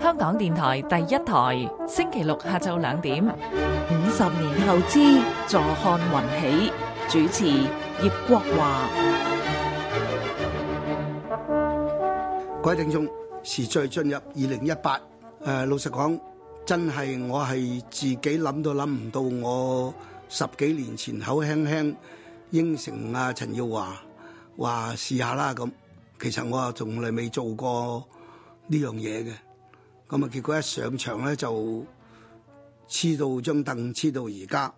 香港電台第一台，星期六下晝兩點。五十年投資，坐看雲起。主持葉國華。各位聽眾，時序進入二零一八。誒、呃，老實講，真係我係自己諗都諗唔到，我十幾年前口輕輕應承阿陳耀華話試下啦咁。其實我啊，從來未做過呢樣嘢嘅，咁啊，結果一上場咧就黐到張凳，黐到而家，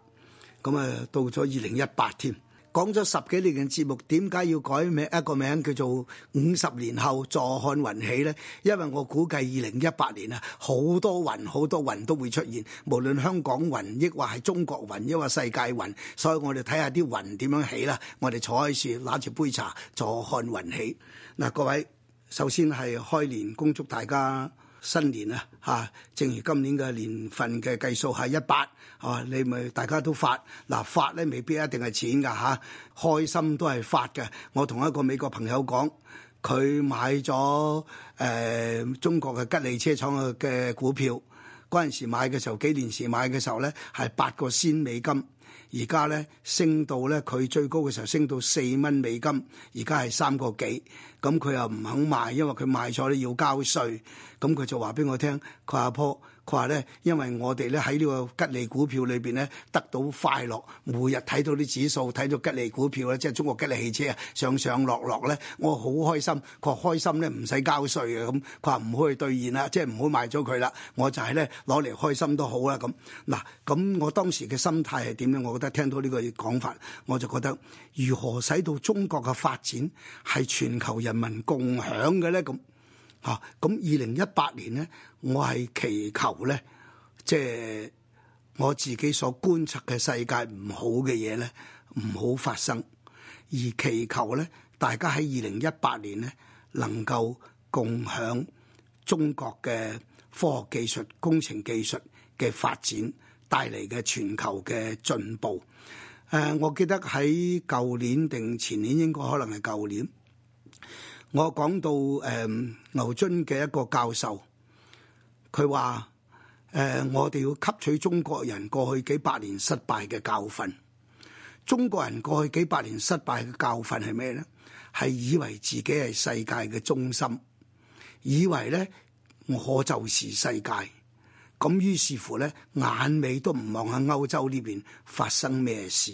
咁啊，到咗二零一八添，講咗十幾年嘅節目，點解要改名一個名叫做《五十年後坐看雲起》咧？因為我估計二零一八年啊，好多雲好多雲都會出現，無論香港雲，抑或係中國雲，抑或世界雲，所以我哋睇下啲雲點樣起啦。我哋坐喺樹，攞住杯茶，坐看雲起。嗱，各位，首先係開年恭祝大家新年啊！嚇，正如今年嘅年份嘅計數係一百，嚇、啊，你咪大家都發嗱、啊、發咧，未必一定係錢㗎嚇、啊，開心都係發嘅。我同一個美國朋友講，佢買咗誒、呃、中國嘅吉利車廠嘅股票，嗰陣時買嘅時候幾年前買嘅時候咧，係八個仙美金。而家咧升到咧佢最高嘅時候升到四蚊美金，而家係三個幾，咁、嗯、佢又唔肯賣，因為佢賣咗咧要交稅，咁、嗯、佢就話俾我聽，佢阿婆。佢話咧，因為我哋咧喺呢個吉利股票裏邊咧得到快樂，每日睇到啲指數，睇到吉利股票咧，即係中國吉利汽車啊，上上落落咧，我好開心。佢話開心咧唔使交稅啊咁，佢話唔可以兌現啦，即係唔好賣咗佢啦。我就係咧攞嚟開心都好啦咁。嗱，咁我當時嘅心態係點咧？我覺得聽到呢個講法，我就覺得如何使到中國嘅發展係全球人民共享嘅咧咁。嚇！咁二零一八年咧，我係祈求咧，即係我自己所觀察嘅世界唔好嘅嘢咧，唔好發生。而祈求咧，大家喺二零一八年咧，能夠共享中國嘅科學技術、工程技術嘅發展帶嚟嘅全球嘅進步。誒、呃，我記得喺舊年定前年，應該可能係舊年。我講到誒、呃，牛津嘅一個教授，佢話：誒、呃，我哋要吸取中國人過去幾百年失敗嘅教訓。中國人過去幾百年失敗嘅教訓係咩咧？係以為自己係世界嘅中心，以為咧我就是世界。咁於是乎咧，眼尾都唔望下歐洲呢邊發生咩事，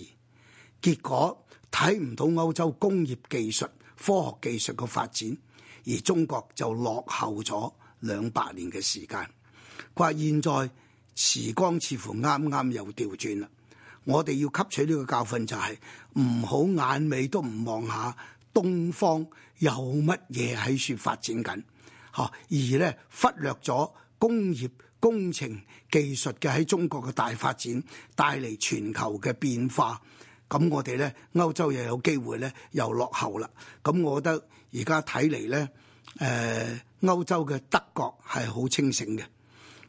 結果睇唔到歐洲工業技術科學技術嘅發展，而中國就落後咗兩百年嘅時間。佢話現在時光似乎啱啱又調轉啦。我哋要吸取呢個教訓就係唔好眼尾都唔望下東方有乜嘢喺處發展緊，嚇，而咧忽略咗工業工程技術嘅喺中國嘅大發展帶嚟全球嘅變化。咁我哋咧，歐洲又有機會咧，又落後啦。咁我覺得而家睇嚟咧，誒歐洲嘅德國係好清醒嘅，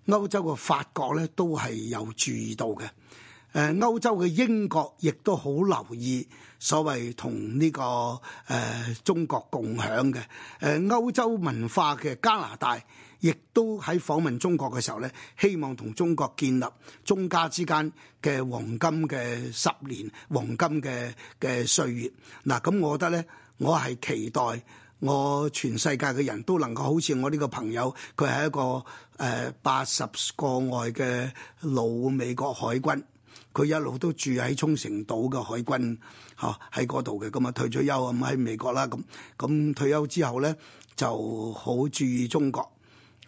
歐洲嘅法國咧都係有注意到嘅，誒、呃、歐洲嘅英國亦都好留意所謂同呢、這個誒、呃、中國共享嘅誒、呃、歐洲文化嘅加拿大。亦都喺訪問中國嘅時候咧，希望同中國建立中加之間嘅黃金嘅十年黃金嘅嘅歲月。嗱，咁我覺得咧，我係期待我全世界嘅人都能夠好似我呢個朋友，佢係一個誒八十個外嘅老美國海軍，佢一路都住喺沖繩島嘅海軍，嚇喺嗰度嘅，咁啊退咗休咁喺美國啦，咁咁退休之後咧就好注意中國。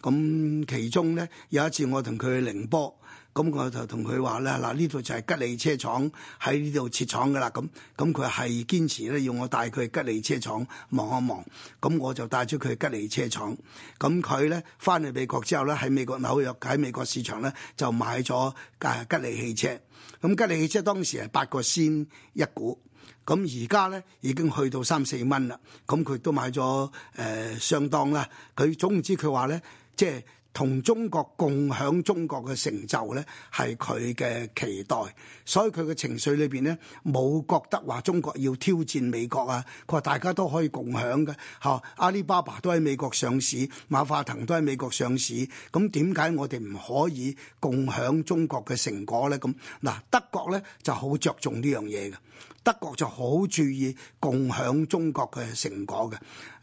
咁其中咧有一次我同佢去寧波，咁我就同佢話咧嗱，呢度就係吉利車廠喺呢度設廠噶啦，咁咁佢係堅持咧要我帶佢去吉利車廠望一望，咁我就帶咗佢去吉利車廠，咁佢咧翻嚟美國之後咧喺美國紐約喺美國市場咧就買咗誒吉利汽車，咁吉利汽車當時係八個仙一股，咁而家咧已經去到三四蚊啦，咁佢都買咗誒、呃、相當啦，佢總唔知佢話咧。即係同中國共享中國嘅成就咧，係佢嘅期待，所以佢嘅情緒裏邊咧冇覺得話中國要挑戰美國啊。佢話大家都可以共享嘅，哈，阿里巴巴都喺美國上市，馬化騰都喺美國上市，咁點解我哋唔可以共享中國嘅成果咧？咁嗱，德國咧就好着重呢樣嘢嘅，德國就好注意共享中國嘅成果嘅，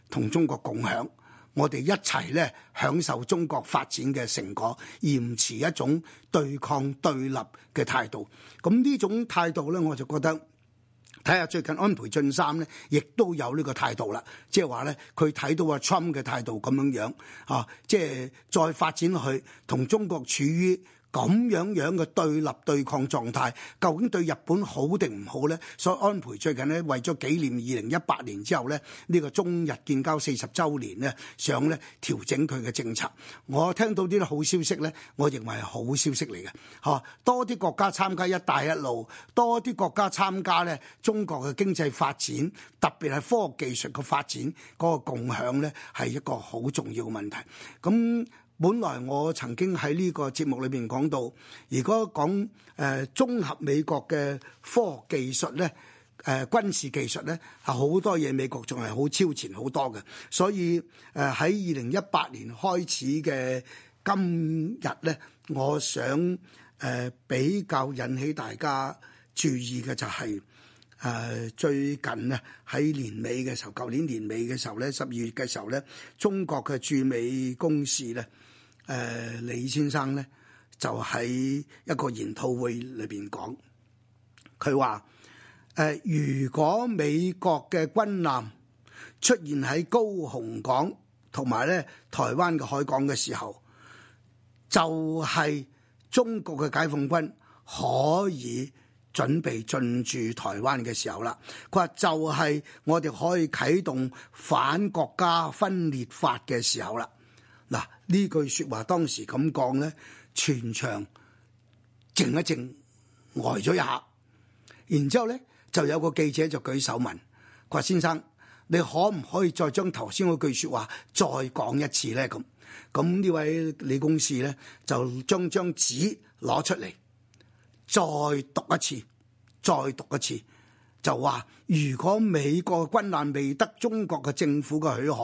同中國共享。我哋一齊咧享受中國發展嘅成果，而唔持一種對抗對立嘅態度。咁、嗯、呢種態度咧，我就覺得睇下最近安倍晉三咧，亦都有呢個態度啦。即係話咧，佢睇到阿 Trump 嘅態度咁樣樣啊，即係再發展落去同中國處於。咁樣樣嘅對立對抗狀態，究竟對日本好定唔好呢？所以安倍最近咧，為咗紀念二零一八年之後咧，呢、呢個中日建交四十週年呢，想咧調整佢嘅政策。我聽到啲好消息呢，我認為係好消息嚟嘅。嚇，多啲國家參加一帶一路，多啲國家參加呢中國嘅經濟發展，特別係科技術嘅發展，嗰個共享呢係一個好重要嘅問題。咁本來我曾經喺呢個節目裏邊講到，如果講誒綜合美國嘅科學技術咧，誒、呃、軍事技術咧係好多嘢美國仲係好超前好多嘅，所以誒喺二零一八年開始嘅今日咧，我想誒比較引起大家注意嘅就係、是。誒最近咧，喺年尾嘅時候，舊年年尾嘅時候咧，十二月嘅時候咧，中國嘅駐美公使咧，誒、呃、李先生咧就喺一個研討會裏邊講，佢話誒如果美國嘅軍艦出現喺高雄港同埋咧台灣嘅海港嘅時候，就係、是、中國嘅解放軍可以。準備進駐台灣嘅時候啦，佢話就係我哋可以啟動反國家分裂法嘅時候啦。嗱，呢句説話當時咁講咧，全場靜一靜，呆咗一下，然之後咧就有個記者就舉手問：「郭先生，你可唔可以再將頭先嗰句説話再講一次咧？咁，咁呢位李公事咧就將張紙攞出嚟。再讀一次，再讀一次，就話，如果美國軍艦未得中國嘅政府嘅許可，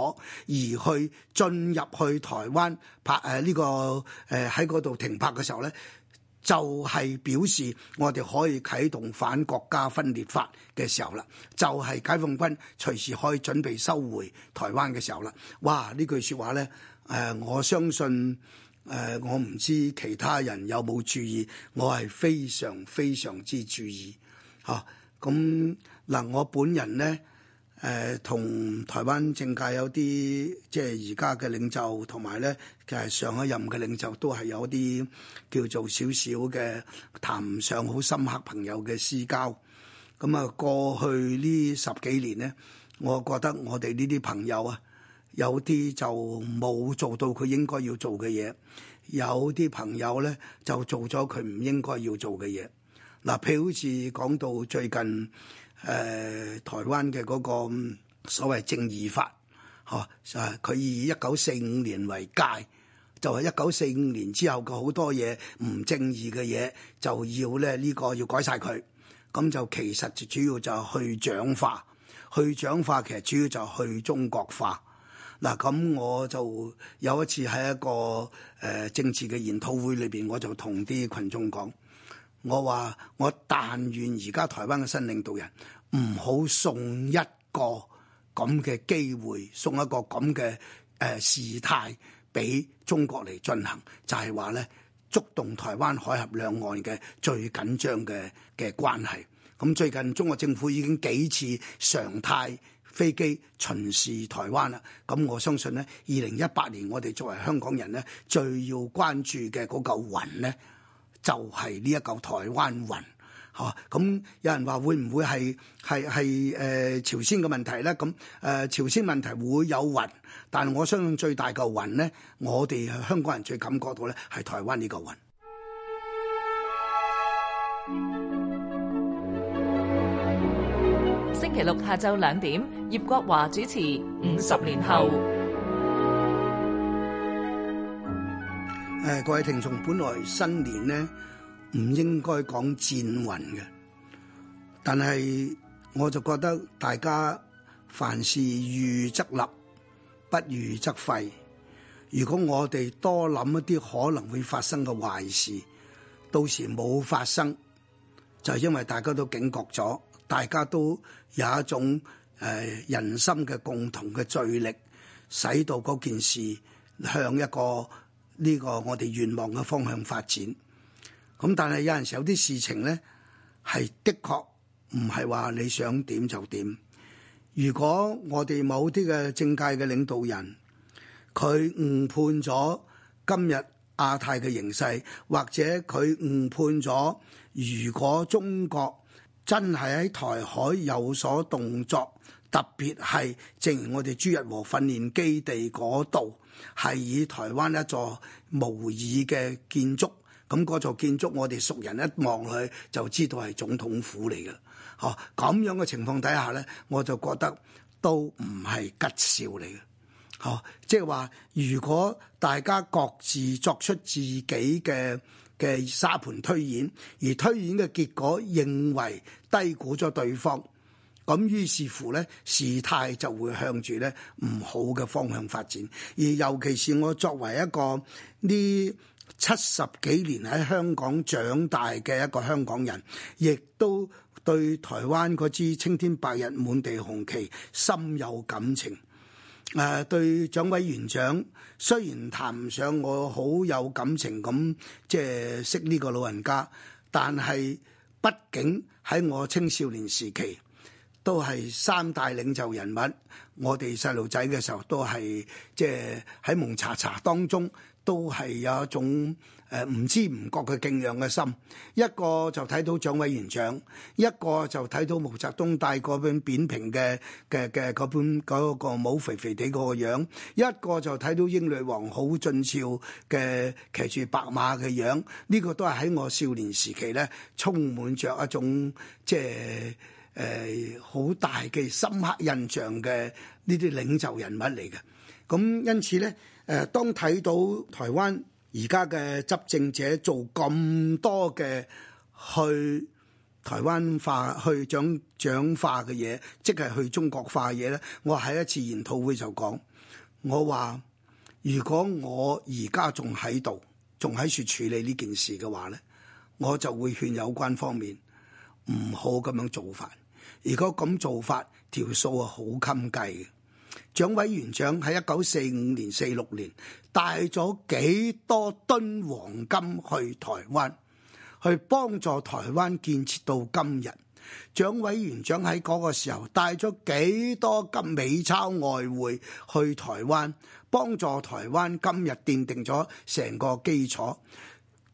而去進入去台灣拍，誒，呢個誒喺嗰度停泊嘅時候咧，就係表示我哋可以啟動反國家分裂法嘅時候啦，就係解放軍隨時可以準備收回台灣嘅時候啦。哇！呢句説話咧，誒我相信。誒、呃，我唔知其他人有冇注意，我係非常非常之注意吓。咁、啊、嗱，我本人咧，誒、呃，同台灣政界有啲即係而家嘅領袖，同埋咧其實上一任嘅領袖都，都係有啲叫做少少嘅談唔上好深刻朋友嘅私交。咁、嗯、啊，過去呢十幾年咧，我覺得我哋呢啲朋友啊～有啲就冇做到佢應該要做嘅嘢，有啲朋友咧就做咗佢唔應該要做嘅嘢。嗱，譬如好似講到最近誒、呃、台灣嘅嗰個所謂正義法，吓、啊，就係佢以一九四五年為界，就係一九四五年之後嘅好多嘢唔正義嘅嘢就要咧呢個要改晒佢。咁就其實就主要就係去蔣化，去蔣化其實主要就去中國化。嗱，咁我就有一次喺一個誒政治嘅研討會裏邊，我就同啲群眾講，我話我但願而家台灣嘅新領導人唔好送一個咁嘅機會，送一個咁嘅誒事態俾中國嚟進行就係話咧觸動台灣海峽兩岸嘅最緊張嘅嘅關係，咁最近中國政府已經幾次常態。飛機巡視台灣啦，咁我相信咧，二零一八年我哋作為香港人咧，最要關注嘅嗰嚿雲咧，就係呢一嚿台灣雲。嚇，咁有人話會唔會係係係誒朝鮮嘅問題咧？咁誒朝鮮問題會有雲，但我相信最大嚿雲咧，我哋香港人最感覺到咧，係台灣呢嚿雲。 星期六下晝兩點，葉國華主持《五十年後》。誒，各位聽眾，本來新年呢唔應該講戰雲嘅，但係我就覺得大家凡事預則立，不預則廢。如果我哋多諗一啲可能會發生嘅壞事，到時冇發生，就係因為大家都警覺咗，大家都。有一種誒人心嘅共同嘅聚力，使到嗰件事向一個呢個我哋願望嘅方向發展。咁但係有陣時有啲事情咧，係的確唔係話你想點就點。如果我哋某啲嘅政界嘅領導人，佢誤判咗今日亞太嘅形勢，或者佢誤判咗如果中國。真係喺台海有所動作，特別係正如我哋朱日和訓練基地嗰度，係以台灣一座模擬嘅建築，咁嗰座建築我哋熟人一望去就知道係總統府嚟㗎，吓咁樣嘅情況底下咧，我就覺得都唔係吉兆嚟嘅，吓即係話如果大家各自作出自己嘅。嘅沙盤推演，而推演嘅結果認為低估咗對方，咁於是乎呢，事態就會向住呢唔好嘅方向發展。而尤其是我作為一個呢七十幾年喺香港長大嘅一個香港人，亦都對台灣嗰支青天白日滿地紅旗深有感情。誒、呃，對蔣委員長。雖然談唔上我好有感情咁，即係識呢個老人家，但係畢竟喺我青少年時期都係三大領袖人物，我哋細路仔嘅時候都係即係喺蒙查查當中，都係有一種。誒唔知唔覺嘅敬仰嘅心，一個就睇到蔣委員長，一個就睇到毛澤東戴嗰本扁平嘅嘅嘅嗰本嗰個帽肥肥地個樣，一個就睇到英女王好俊俏嘅騎住白馬嘅樣。呢、這個都係喺我少年時期咧充滿着一種即係誒好大嘅深刻印象嘅呢啲領袖人物嚟嘅。咁因此咧誒、呃，當睇到台灣。而家嘅執政者做咁多嘅去台灣化、去蔣蔣化嘅嘢，即係去中國化嘢咧。我喺一次研討會就講，我話如果我而家仲喺度，仲喺處處理呢件事嘅話咧，我就會勸有關方面唔好咁樣做法。如果咁做法，條數啊好襟計嘅。蔣委員長喺一九四五年、四六年帶咗幾多噸黃金去台灣，去幫助台灣建設到今日。蔣委員長喺嗰個時候帶咗幾多金美鈔外匯去台灣，幫助台灣今日奠定咗成個基礎。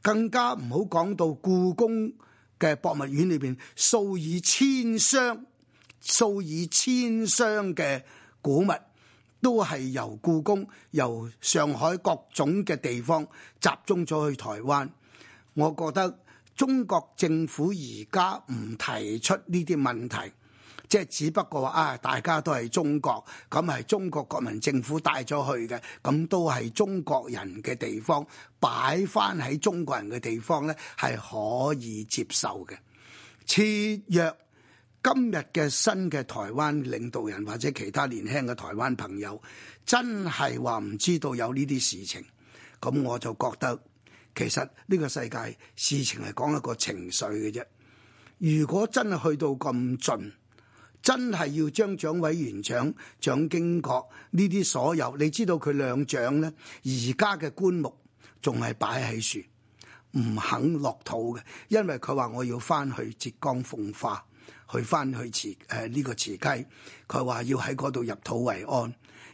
更加唔好講到故宮嘅博物院裏邊，數以千箱、數以千箱嘅古物。都係由故宮、由上海各種嘅地方集中咗去台灣。我覺得中國政府而家唔提出呢啲問題，即係只不過話啊，大家都係中國，咁係中國國民政府帶咗去嘅，咁都係中國人嘅地方，擺翻喺中國人嘅地方呢，係可以接受嘅。切約。今日嘅新嘅台灣領導人或者其他年輕嘅台灣朋友，真係話唔知道有呢啲事情，咁我就覺得其實呢個世界事情係講一個情緒嘅啫。如果真係去到咁盡真係要將蔣委員長、蔣經國呢啲所有，你知道佢兩長咧，而家嘅棺木仲係擺喺樹唔肯落土嘅，因為佢話我要翻去浙江奉化。去翻去慈誒呢個慈溪，佢話要喺嗰度入土為安，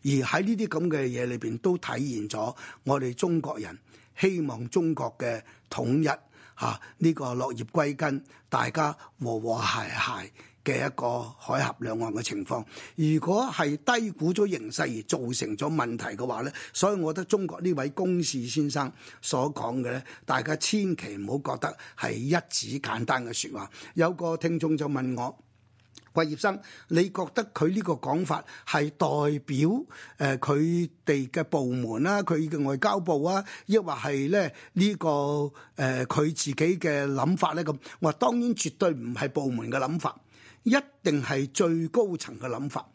而喺呢啲咁嘅嘢裏邊都體現咗我哋中國人希望中國嘅統一吓呢、啊這個落葉歸根，大家和和諧諧。嘅一個海峽兩岸嘅情況，如果係低估咗形勢而造成咗問題嘅話咧，所以我覺得中國呢位公事先生所講嘅咧，大家千祈唔好覺得係一指簡單嘅説話。有個聽眾就問我：喂，葉生，你覺得佢呢個講法係代表誒佢哋嘅部門啦、啊，佢嘅外交部啊，抑或係咧呢、呢個誒佢、呃、自己嘅諗法咧？咁我話當然絕對唔係部門嘅諗法。一定係最高層嘅諗法。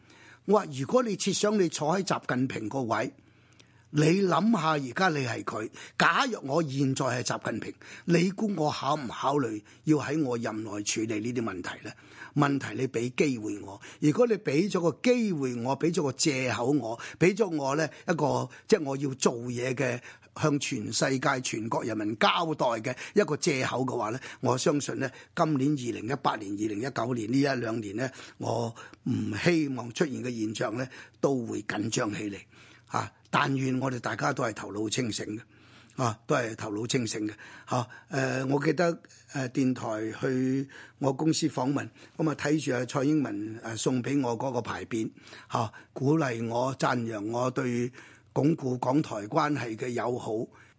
我話如果你設想你坐喺習近平個位，你諗下而家你係佢。假若我現在係習近平，你估我考唔考慮要喺我任內處理呢啲問題咧？問題你俾機會我。如果你俾咗個機會我，俾咗個借口我，俾咗我咧一個即係我要做嘢嘅。向全世界、全國人民交代嘅一個借口嘅話咧，我相信咧，今年二零一八年、二零一九年呢一兩年呢，我唔希望出現嘅現象咧，都會緊張起嚟啊！但願我哋大家都係頭腦清醒嘅，啊，都係頭腦清醒嘅，嚇！誒，我記得誒電台去我公司訪問，咁啊睇住蔡英文誒送俾我嗰個牌匾嚇，鼓勵我讚揚我對。鞏固港台關係嘅友好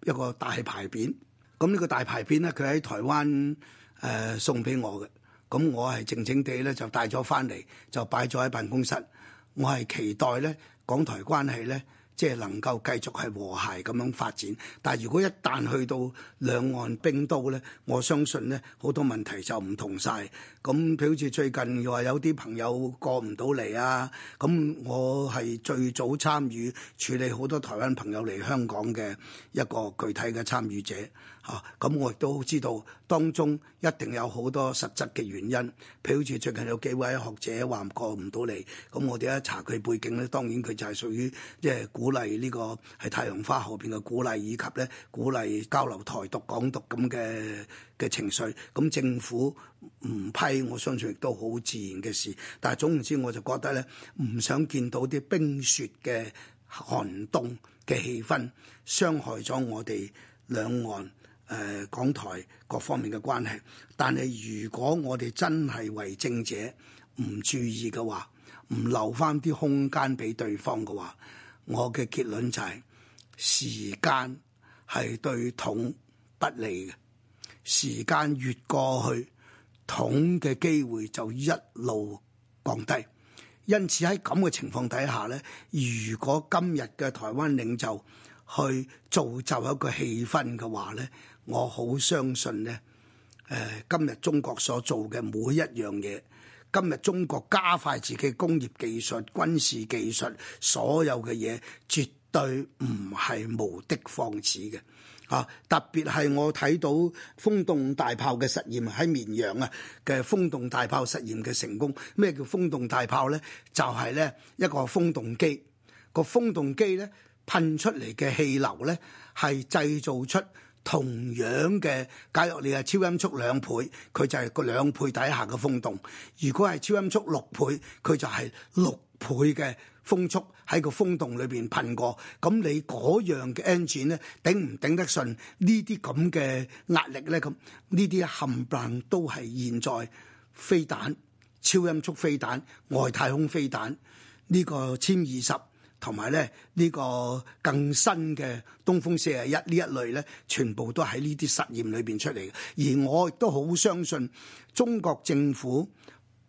一個大牌匾，咁呢個大牌匾咧，佢喺台灣誒、呃、送俾我嘅，咁我係靜靜地咧就帶咗返嚟，就擺咗喺辦公室，我係期待咧港台關係咧。即係能夠繼續係和諧咁樣發展，但係如果一旦去到兩岸冰刀咧，我相信咧好多問題就唔同晒。咁譬如好似最近又話有啲朋友過唔到嚟啊，咁我係最早參與處理好多台灣朋友嚟香港嘅一個具體嘅參與者。嚇！咁、啊、我亦都知道，當中一定有好多實質嘅原因。譬如住最近有幾位學者話過唔到嚟，咁我哋一查佢背景咧，當然佢就係屬於即係鼓勵呢、這個係太陽花後邊嘅鼓勵，以及咧鼓勵交流台獨港獨咁嘅嘅情緒。咁政府唔批，我相信亦都好自然嘅事。但係總言之，我就覺得咧，唔想見到啲冰雪嘅寒冬嘅氣氛，傷害咗我哋兩岸。誒、呃、港台各方面嘅關係，但係如果我哋真係為政者唔注意嘅話，唔留返啲空間俾對方嘅話，我嘅結論就係、是、時間係對統不利嘅。時間越過去，統嘅機會就一路降低。因此喺咁嘅情況底下咧，如果今日嘅台灣領袖去造就一個氣氛嘅話咧，我好相信呢，誒今日中國所做嘅每一樣嘢，今日中國加快自己工業技術、軍事技術，所有嘅嘢絕對唔係無的放矢嘅啊！特別係我睇到風洞大炮嘅實驗喺綿陽啊嘅風洞大炮實驗嘅成功，咩叫風洞大炮呢？就係呢一個風洞機，個風洞機呢，噴出嚟嘅氣流呢，係製造出。同樣嘅假如你係超音速兩倍，佢就係個兩倍底下嘅風洞。如果係超音速六倍，佢就係六倍嘅風速喺個風洞裏邊噴過。咁你嗰樣嘅 engine 咧，頂唔頂得順呢啲咁嘅壓力咧？咁呢啲冚唪唥都係現在飛彈，超音速飛彈，外太空飛彈，呢、嗯、個殲二十。同埋咧，呢個更新嘅東風四十一呢一類咧，全部都喺呢啲實驗裏邊出嚟嘅。而我亦都好相信，中國政府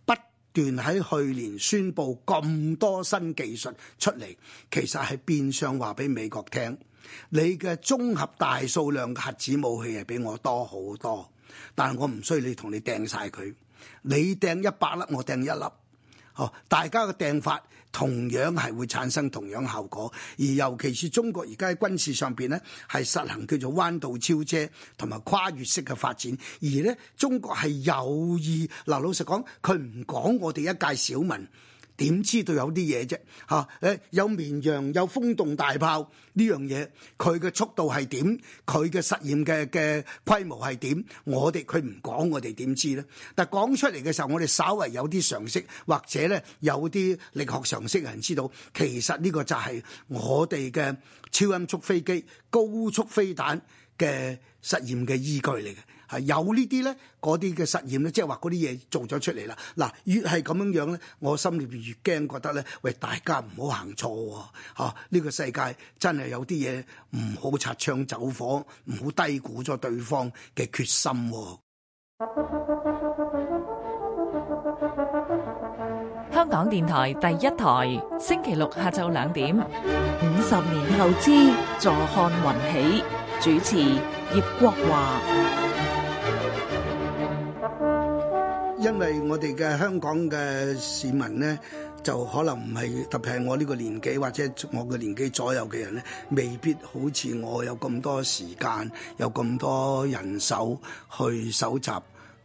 不斷喺去年宣布咁多新技術出嚟，其實係變相話俾美國聽，你嘅綜合大數量嘅核子武器係比我多好多，但係我唔需要你同你掟晒佢，你掟一百粒我掟一粒，哦，大家嘅掟法。同樣係會產生同樣效果，而尤其是中國而家喺軍事上邊咧，係實行叫做彎道超車同埋跨越式嘅發展，而咧，中國係有意，嗱，老實講，佢唔講我哋一介小民。點知道有啲嘢啫？嚇、啊！誒有綿羊有風動大炮呢樣嘢，佢嘅速度係點？佢嘅實驗嘅嘅規模係點？我哋佢唔講，我哋點知咧？但講出嚟嘅時候，我哋稍為有啲常識，或者咧有啲力學常識嘅人知道，其實呢個就係我哋嘅超音速飛機、高速飛彈嘅實驗嘅依據嚟嘅。有呢啲咧，嗰啲嘅實驗咧，即係話嗰啲嘢做咗出嚟啦。嗱，越係咁樣樣咧，我心入邊越驚，覺得咧，喂，大家唔好行錯喎，哦，呢、啊呢個世界真係有啲嘢唔好擦槍走火，唔好低估咗對方嘅決心，哦。香港電台第一台，星期六下晝兩點，五十年後，坐看雲起，主持葉國華。因為我哋嘅香港嘅市民呢，就可能唔係特別係我呢個年紀，或者我嘅年紀左右嘅人呢，未必好似我有咁多時間，有咁多人手去搜集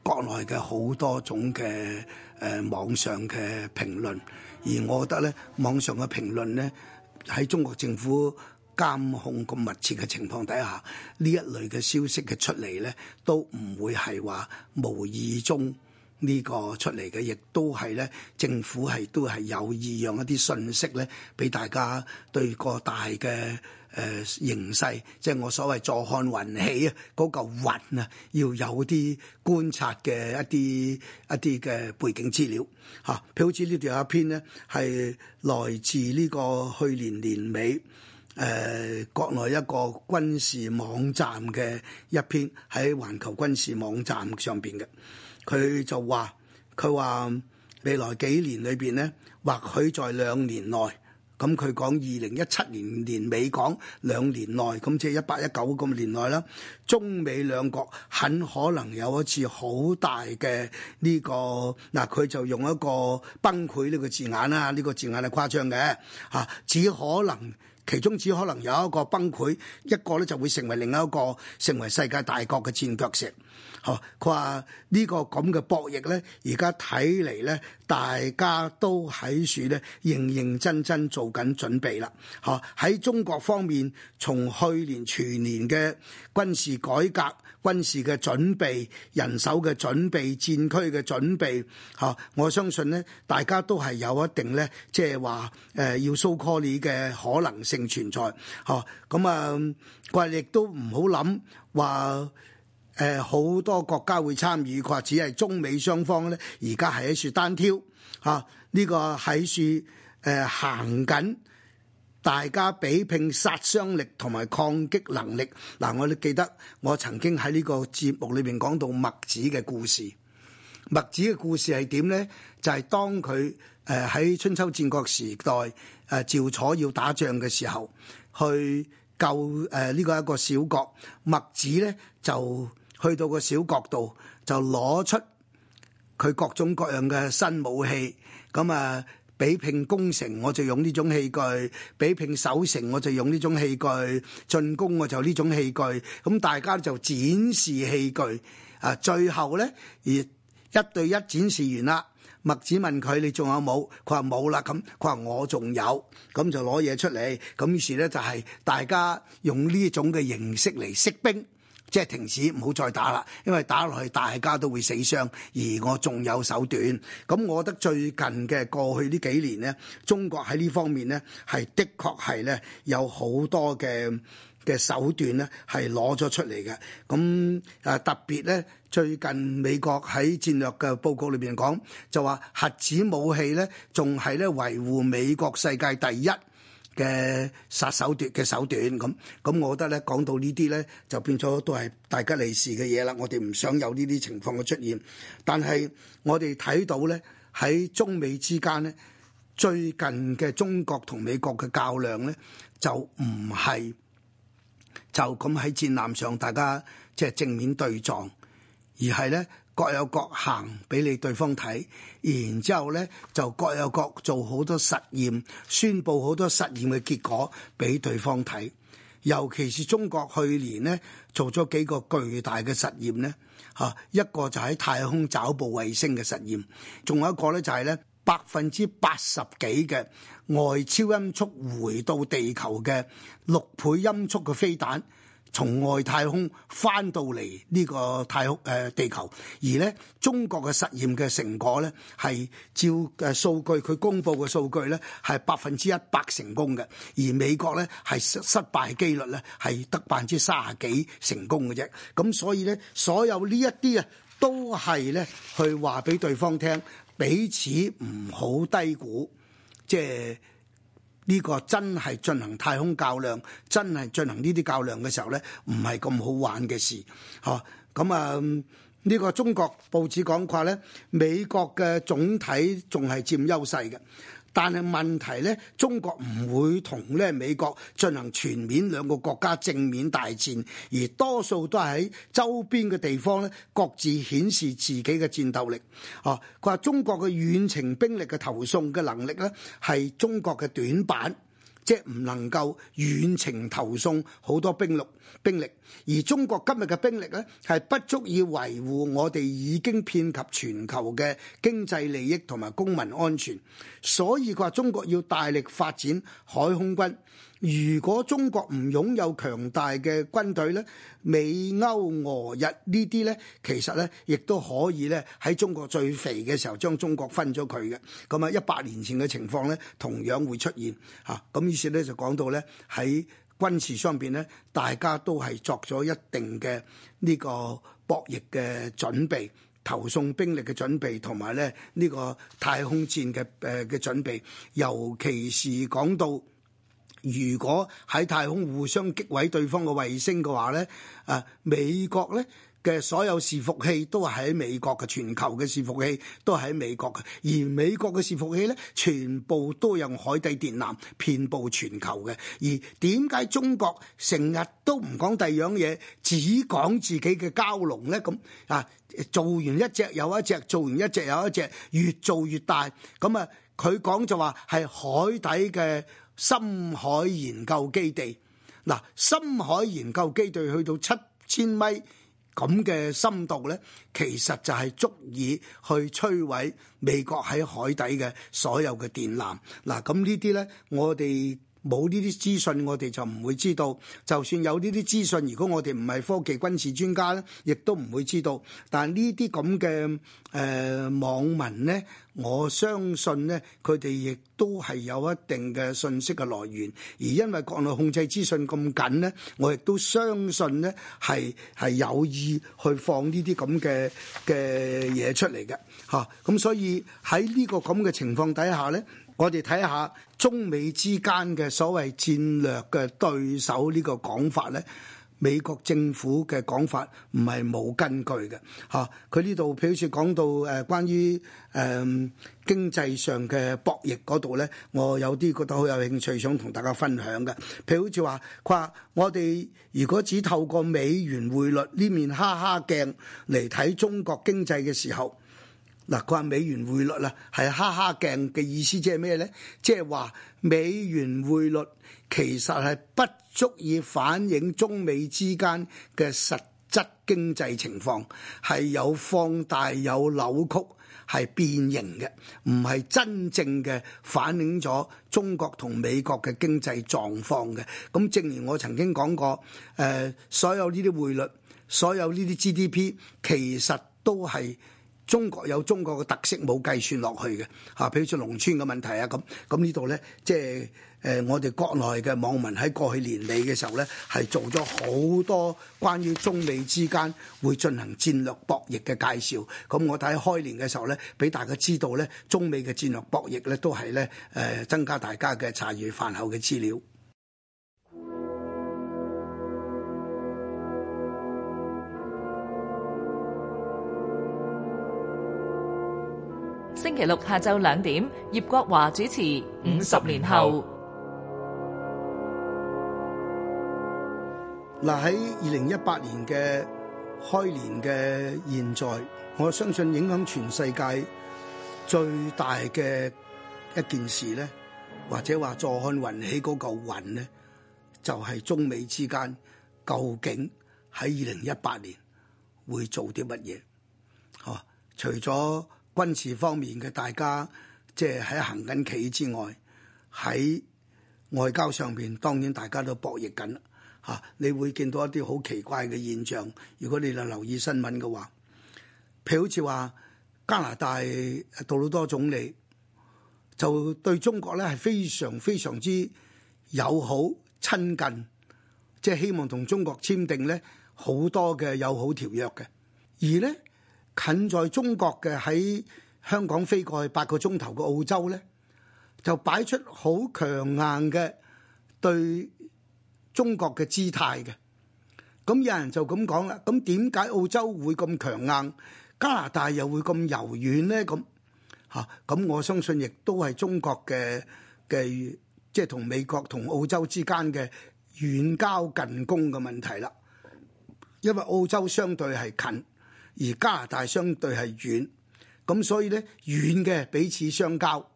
國內嘅好多種嘅誒、呃、網上嘅評論。而我覺得呢，網上嘅評論呢，喺中國政府監控咁密切嘅情況底下，呢一類嘅消息嘅出嚟呢，都唔會係話無意中。呢個出嚟嘅，亦都係咧，政府係都係有意讓一啲信息咧，俾大家對個大嘅誒、呃、形勢，即係我所謂坐看雲起啊，嗰、那、嚿、個、雲啊，要有啲觀察嘅一啲一啲嘅背景資料嚇。譬如好似呢條一篇咧，係來自呢個去年年尾誒、呃、國內一個軍事網站嘅一篇，喺環球軍事網站上邊嘅。佢就話，佢話未來幾年裏邊咧，或許在兩年內，咁佢講二零一七年年尾講兩年內，咁即係一八一九咁年內啦。中美兩國很可能有一次好大嘅呢個，嗱佢就用一個崩潰呢個字眼啦，呢個字眼係誇張嘅嚇，只可能其中只可能有一個崩潰，一個咧就會成為另一個成為世界大國嘅戰腳石。佢話呢個咁嘅博弈呢，而家睇嚟呢，大家都喺處呢認認真真做緊準備啦。嚇，喺中國方面，從去年全年嘅軍事改革、軍事嘅準備、人手嘅準備、戰區嘅準備，嚇我相信呢，大家都係有一定呢，即係話誒要收科利嘅可能性存在。嚇咁啊，佢話亦都唔好諗話。誒好多國家會參與，佢話只係中美雙方咧，而家喺處單挑吓，呢、啊這個喺處誒行緊，大家比拼殺傷力同埋抗擊能力。嗱、啊，我哋記得我曾經喺呢個節目裏邊講到墨子嘅故事。墨子嘅故事係點咧？就係、是、當佢誒喺春秋戰國時代誒、呃、趙楚要打仗嘅時候，去救誒呢、呃這個一個小國，墨子咧就。去到個小角度，就攞出佢各種各樣嘅新武器，咁啊比拼攻城，我就用呢種器具；比拼守城，我就用呢種器具；進攻我就呢種器具。咁大家就展示器具啊！最後咧，而一對一展示完啦，墨子問佢：你仲有冇？佢話冇啦。咁佢話我仲有，咁就攞嘢出嚟。咁於是咧就係大家用呢種嘅形式嚟識兵。即係停止，唔好再打啦，因為打落去大家都會死傷，而我仲有手段。咁我覺得最近嘅過去呢幾年咧，中國喺呢方面咧係的確係咧有好多嘅嘅手段咧係攞咗出嚟嘅。咁誒特別咧，最近美國喺戰略嘅報告裏邊講，就話核子武器咧仲係咧維護美國世界第一。嘅殺手段嘅手段咁，咁我覺得咧講到呢啲咧，就變咗都係大吉利是嘅嘢啦。我哋唔想有呢啲情況嘅出現，但係我哋睇到咧喺中美之間咧，最近嘅中國同美國嘅較量咧，就唔係就咁喺戰艦上大家即係、就是、正面對撞，而係咧。各有各行俾你對方睇，然之後呢，就各有各做好多實驗，宣佈好多實驗嘅結果俾對方睇。尤其是中國去年呢，做咗幾個巨大嘅實驗呢，呢一個就係太空抓捕衛星嘅實驗，仲有一個呢，就係呢百分之八十幾嘅外超音速回到地球嘅六倍音速嘅飛彈。從外太空翻到嚟呢個太空誒、呃、地球，而咧中國嘅實驗嘅成果咧係照嘅數據，佢公佈嘅數據咧係百分之一百成功嘅，而美國咧係失失敗機率咧係得百分之三十幾成功嘅啫。咁所以咧，所有呢一啲啊都係咧去話俾對方聽，彼此唔好低估，即係。呢個真係進行太空較量，真係進行呢啲較量嘅時候呢，唔係咁好玩嘅事，嚇。咁、嗯、啊，呢個中國報紙講話呢，美國嘅總體仲係佔優勢嘅。但係問題咧，中國唔會同咧美國進行全面兩個國家正面大戰，而多數都係喺周邊嘅地方咧，各自顯示自己嘅戰鬥力。哦、啊，佢話中國嘅遠程兵力嘅投送嘅能力咧，係中國嘅短板，即係唔能夠遠程投送好多兵力。兵力，而中國今日嘅兵力咧，係不足以維護我哋已經遍及全球嘅經濟利益同埋公民安全，所以佢話中國要大力發展海空軍。如果中國唔擁有強大嘅軍隊咧，美歐俄日呢啲咧，其實咧亦都可以咧喺中國最肥嘅時候將中國分咗佢嘅。咁啊，一百年前嘅情況咧，同樣會出現嚇。咁、啊、於是咧就講到咧喺。軍事上邊咧，大家都係作咗一定嘅呢個博弈嘅準備、投送兵力嘅準備，同埋咧呢個太空戰嘅誒嘅準備，尤其是講到如果喺太空互相擊毀對方嘅衛星嘅話咧，啊、呃、美國咧。嘅所有伺服器都係喺美國嘅，全球嘅伺服器都係喺美國嘅，而美國嘅伺服器咧，全部都用海底電纜遍布全球嘅。而點解中國成日都唔講第二樣嘢，只講自己嘅蛟龍咧？咁啊，做完一隻有一隻，做完一隻有一隻，越做越大。咁啊，佢講就話，係海底嘅深海研究基地。嗱，深海研究基地去到七千米。咁嘅深度咧，其實就係足以去摧毀美國喺海底嘅所有嘅電纜。嗱，咁呢啲咧，我哋。冇呢啲資訊，我哋就唔會知道。就算有呢啲資訊，如果我哋唔係科技軍事專家咧，亦都唔會知道。但係呢啲咁嘅誒網民咧，我相信咧，佢哋亦都係有一定嘅信息嘅來源。而因為國內控制資訊咁緊咧，我亦都相信咧，係係有意去放呢啲咁嘅嘅嘢出嚟嘅。嚇、啊，咁所以喺呢個咁嘅情況底下咧。我哋睇下中美之間嘅所謂戰略嘅對手個講呢個講法咧，美國政府嘅講法唔係冇根據嘅嚇。佢呢度譬如好似講到誒、呃、關於誒、呃、經濟上嘅博弈嗰度咧，我有啲覺得好有興趣想同大家分享嘅。譬如好似話，佢話我哋如果只透過美元匯率呢面哈哈鏡嚟睇中國經濟嘅時候。嗱，佢話美元匯率啦，係哈哈鏡嘅意思，即係咩咧？即係話美元匯率其實，係不足以反映中美之間嘅實質經濟情況，係有放大、有扭曲、係變形嘅，唔係真正嘅反映咗中國同美國嘅經濟狀況嘅。咁正如我曾經講過誒、呃、所有呢啲匯率，所有呢啲 GDP，其實都係。中國有中國嘅特色冇計算落去嘅，嚇，譬如出農村嘅問題啊，咁，咁呢度呢，即係誒我哋國內嘅網民喺過去年尾嘅時候呢，係做咗好多關於中美之間會進行戰略博弈嘅介紹。咁我睇開年嘅時候呢，俾大家知道呢，中美嘅戰略博弈呢，都係呢誒增加大家嘅茶餘飯後嘅資料。星期六下晝兩點，葉國華主持《五十年後》。嗱，喺二零一八年嘅開年嘅現在，我相信影響全世界最大嘅一件事咧，或者話坐看雲起嗰嚿雲咧，就係中美之間究竟喺二零一八年會做啲乜嘢？吓，除咗軍事方面嘅大家即係喺行緊棋之外，喺外交上邊當然大家都博弈緊啦嚇，你會見到一啲好奇怪嘅現象，如果你嚟留意新聞嘅話，譬如好似話加拿大杜魯多總理就對中國咧係非常非常之友好親近，即係希望同中國簽訂咧好多嘅友好條約嘅，而咧。近在中國嘅喺香港飛過去八個鐘頭嘅澳洲咧，就擺出好強硬嘅對中國嘅姿態嘅。咁有人就咁講啦，咁點解澳洲會咁強硬，加拿大又會咁柔軟咧？咁吓，咁我相信亦都係中國嘅嘅，即係同美國同澳洲之間嘅遠交近攻嘅問題啦。因為澳洲相對係近。而加拿大相對係遠，咁所以咧遠嘅彼此相交。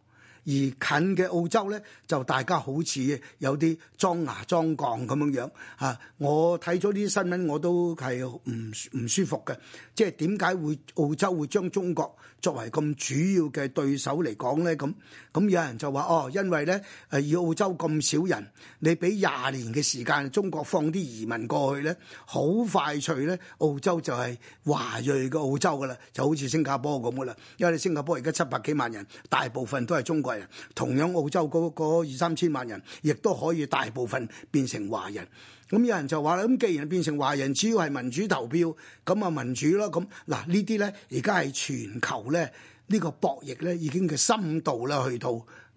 而近嘅澳洲咧，就大家好似有啲裝牙裝槓咁樣樣啊，我睇咗啲新聞我都係唔唔舒服嘅。即係點解會澳洲會將中國作為咁主要嘅對手嚟講咧？咁咁有人就話哦，因為咧誒以澳洲咁少人，你俾廿年嘅時間中國放啲移民過去咧，好快脆咧，澳洲就係華裔嘅澳洲噶啦，就好似新加坡咁噶啦。因為你新加坡而家七百幾萬人，大部分都係中國。同樣澳洲嗰個二三千萬人，亦都可以大部分變成華人。咁有人就話啦，咁既然變成華人，只要係民主投票，咁啊民主咯。咁嗱呢啲咧，而家係全球咧呢、呢個博弈咧，已經嘅深度咧去到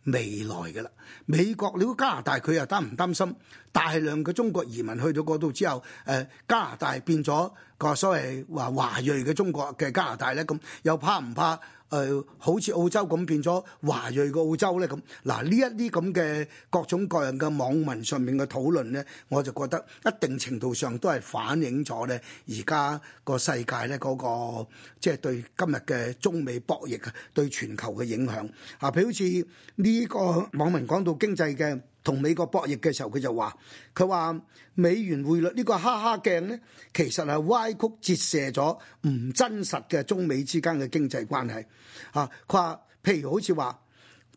未來嘅啦。美國，你估加拿大佢又擔唔擔心大量嘅中國移民去到嗰度之後，誒加拿大變咗個所謂話華裔嘅中國嘅加拿大咧，咁又怕唔怕？誒、呃、好似澳洲咁變咗華裔嘅澳洲咧咁，嗱呢一啲咁嘅各種各樣嘅網民上面嘅討論咧，我就覺得一定程度上都係反映咗咧而家個世界咧、那、嗰個即係、就是、對今日嘅中美博弈啊對全球嘅影響啊，譬如好似呢個網民講到經濟嘅。同美國博弈嘅時候，佢就話：佢話美元匯率呢個哈哈鏡呢，其實係歪曲折射咗唔真實嘅中美之間嘅經濟關係。嚇、啊，佢話譬如好似話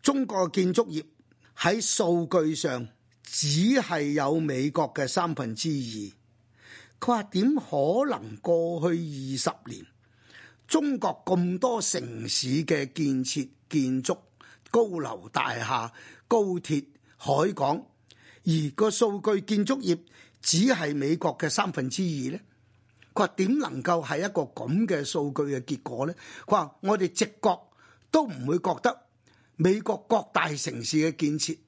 中國建築業喺數據上只係有美國嘅三分之二。佢話點可能過去二十年中國咁多城市嘅建設、建築、高樓大廈、高鐵。海港，而個數據建築業只係美國嘅三分之二咧。佢話點能夠係一個咁嘅數據嘅結果咧？佢話我哋直覺都唔會覺得美國各大城市嘅建設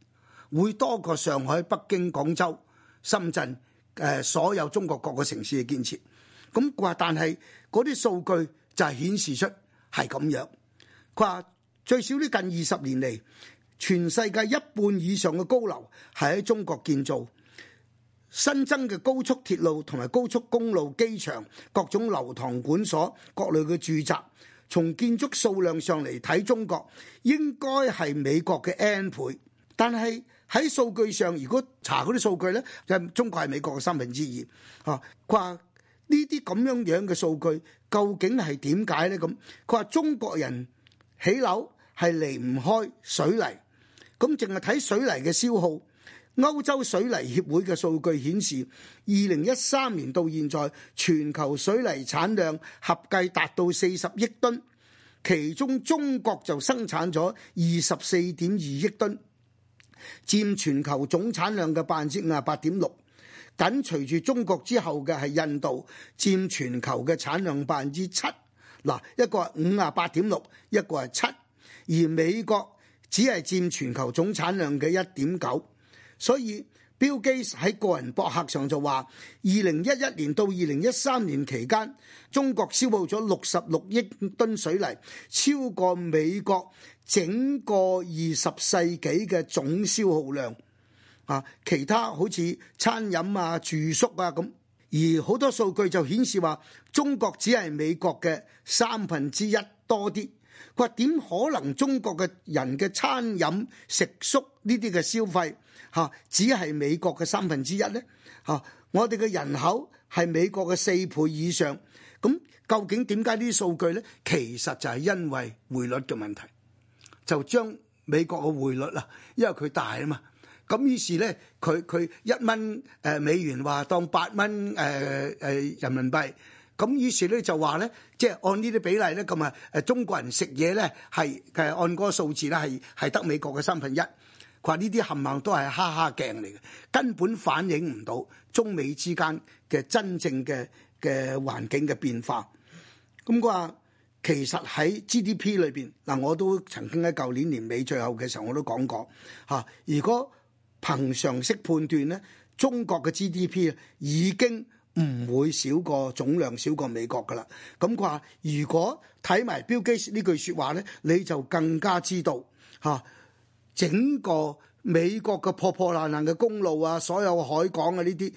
會多過上海、北京、廣州、深圳誒所有中國各個城市嘅建設。咁佢話但係嗰啲數據就係顯示出係咁樣。佢話最少呢近二十年嚟。全世界一半以上嘅高樓係喺中國建造，新增嘅高速鐵路同埋高速公路、機場、各種樓堂館所、各類嘅住宅，從建築數量上嚟睇，中國應該係美國嘅 n 倍。但係喺數據上，如果查嗰啲數據咧，就中國係美國嘅三分之二。嚇，佢話呢啲咁樣樣嘅數據究竟係點解咧？咁佢話中國人起樓係離唔開水泥。咁淨係睇水泥嘅消耗，歐洲水泥協會嘅數據顯示，二零一三年到現在，全球水泥產量合計達到四十億噸，其中中國就生產咗二十四點二億噸，佔全球總產量嘅百分之五十八點六。緊隨住中國之後嘅係印度，佔全球嘅產量百分之七。嗱，一個係五啊八點六，一個係七，而美國，只係佔全球總產量嘅一點九，所以 Bill Gates 喺個人博客上就話：二零一一年到二零一三年期間，中國消耗咗六十六億噸水泥，超過美國整個二十世紀嘅總消耗量。啊，其他好似餐飲啊、住宿啊咁，而好多數據就顯示話，中國只係美國嘅三分之一多啲。佢話點可能中國嘅人嘅餐飲食宿呢啲嘅消費嚇、啊、只係美國嘅三分之一咧嚇、啊？我哋嘅人口係美國嘅四倍以上，咁究竟點解呢啲數據咧？其實就係因為匯率嘅問題，就將美國嘅匯率啦，因為佢大啊嘛，咁於是咧佢佢一蚊誒美元話當八蚊誒誒人民幣。咁於是咧就話咧，即係按呢啲比例咧咁啊，誒中國人食嘢咧係誒按嗰個數字咧係係得美國嘅三分一，佢話呢啲冚唪唥都係哈哈鏡嚟嘅，根本反映唔到中美之間嘅真正嘅嘅環境嘅變化。咁佢話其實喺 GDP 裏邊嗱，我都曾經喺舊年年尾最後嘅時候我都講過吓，如果憑常識判斷咧，中國嘅 GDP 已經。唔會少過總量，少過美國噶啦。咁佢話如果睇埋標機呢句説話咧，你就更加知道嚇、啊、整個美國嘅破破爛爛嘅公路啊，所有海港啊，呢啲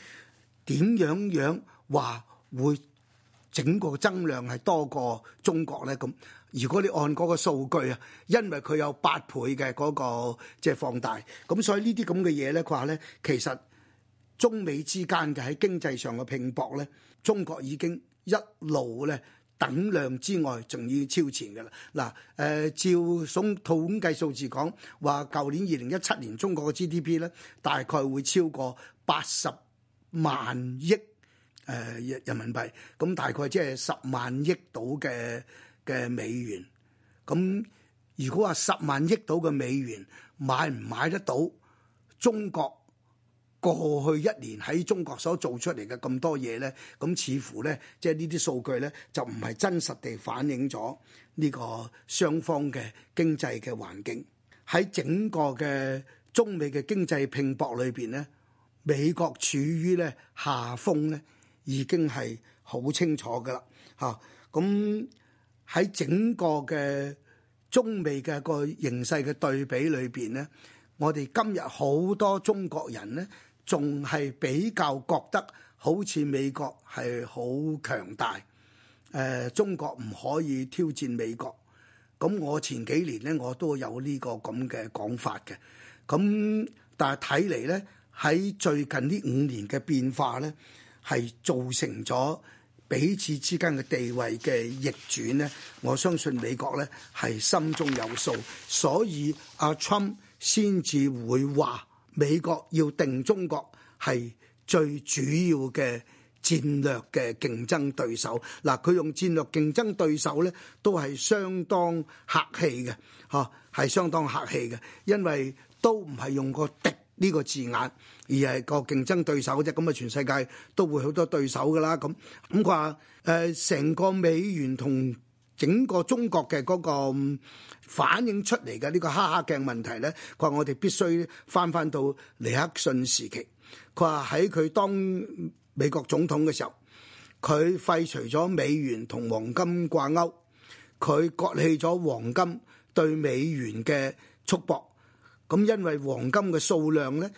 點樣樣話會整個增量係多過中國咧？咁如果你按嗰個數據啊，因為佢有八倍嘅嗰、那個即係、就是、放大，咁所以這這呢啲咁嘅嘢咧，佢話咧其實。中美之間嘅喺經濟上嘅拼搏咧，中國已經一路咧等量之外，仲要超前㗎喇。嗱、呃，誒照統統計數字講，話舊年二零一七年中國嘅 GDP 咧，大概會超過八十萬億誒、呃、人民幣，咁大概即係十萬億度嘅嘅美元。咁如果話十萬億度嘅美元買唔買得到中國？過去一年喺中國所做出嚟嘅咁多嘢咧，咁似乎咧，即係呢啲數據咧，就唔係真實地反映咗呢個雙方嘅經濟嘅環境。喺整個嘅中美嘅經濟拼搏裏邊咧，美國處於咧下風咧，已經係好清楚㗎喇吓。咁喺整個嘅中美嘅個形勢嘅對比裏邊咧，我哋今日好多中國人咧。仲係比較覺得好似美國係好強大，誒、呃、中國唔可以挑戰美國。咁我前幾年咧，我都有呢個咁嘅講法嘅。咁但係睇嚟咧，喺最近呢五年嘅變化咧，係造成咗彼此之間嘅地位嘅逆轉咧。我相信美國咧係心中有數，所以阿 Trump 先至會話。美國要定中國係最主要嘅戰略嘅競爭對手，嗱佢用戰略競爭對手咧，都係相當客氣嘅，嚇係相當客氣嘅，因為都唔係用個敵呢個字眼，而係個競爭對手啫。咁啊，全世界都會好多對手噶啦，咁咁佢話誒，成個美元同。整個中國嘅嗰個反映出嚟嘅呢個哈哈鏡問題咧，佢話我哋必須返返到尼克遜時期。佢話喺佢當美國總統嘅時候，佢廢除咗美元同黃金掛鈎，佢割棄咗黃金對美元嘅束縛。咁因為黃金嘅數量咧。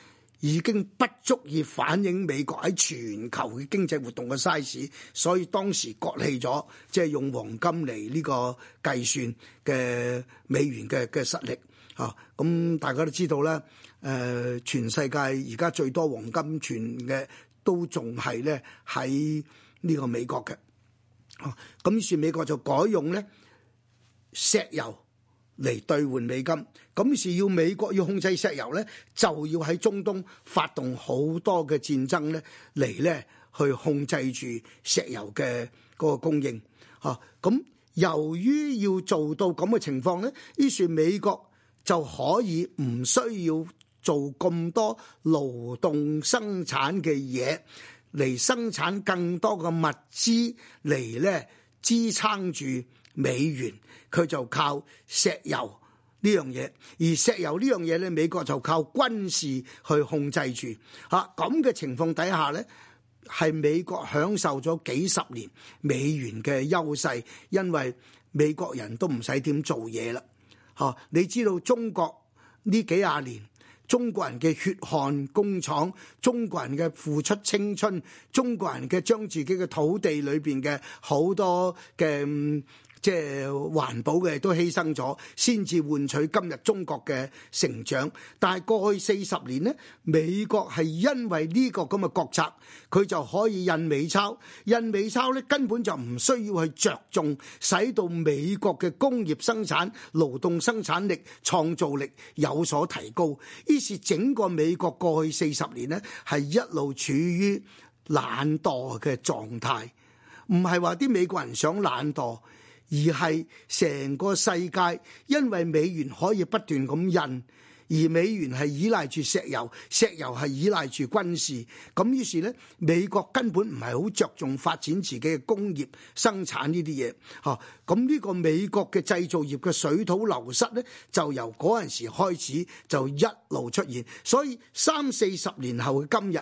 已經不足以反映美國喺全球嘅經濟活動嘅 size，所以當時割棄咗，即係用黃金嚟呢個計算嘅美元嘅嘅實力啊。咁大家都知道咧，誒、呃、全世界而家最多黃金存嘅都仲係咧喺呢個美國嘅，咁於是美國就改用咧石油。嚟兌換美金，咁是要美國要控制石油咧，就要喺中東發動好多嘅戰爭咧，嚟咧去控制住石油嘅嗰個供應吓，咁、啊、由於要做到咁嘅情況咧，於是美國就可以唔需要做咁多勞動生產嘅嘢嚟生產更多嘅物資嚟咧支撐住。美元佢就靠石油呢樣嘢，而石油呢樣嘢咧，美國就靠軍事去控制住。吓，咁嘅情況底下咧，係美國享受咗幾十年美元嘅優勢，因為美國人都唔使點做嘢啦。吓，你知道中國呢幾廿年，中國人嘅血汗工廠，中國人嘅付出青春，中國人嘅將自己嘅土地裏邊嘅好多嘅。即係環保嘅都犧牲咗，先至換取今日中國嘅成長。但係過去四十年呢，美國係因為呢個咁嘅國策，佢就可以印美鈔，印美鈔咧根本就唔需要去著重，使到美國嘅工業生產、勞動生產力、創造力有所提高。於是整個美國過去四十年呢係一路處於懶惰嘅狀態，唔係話啲美國人想懶惰。而係成個世界，因為美元可以不斷咁印，而美元係依賴住石油，石油係依賴住軍事，咁於是呢，美國根本唔係好着重發展自己嘅工業生產呢啲嘢，嚇、啊，咁、這、呢個美國嘅製造業嘅水土流失呢，就由嗰陣時開始就一路出現，所以三四十年後嘅今日。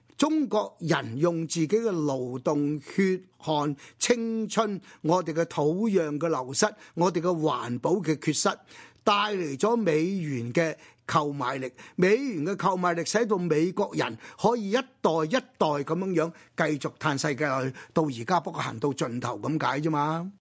中國人用自己嘅勞動、血汗、青春，我哋嘅土壤嘅流失，我哋嘅環保嘅缺失，帶嚟咗美元嘅購買力。美元嘅購買力使到美國人可以一代一代咁樣繼續嘆世界去，到而家不過行到盡頭咁解啫嘛。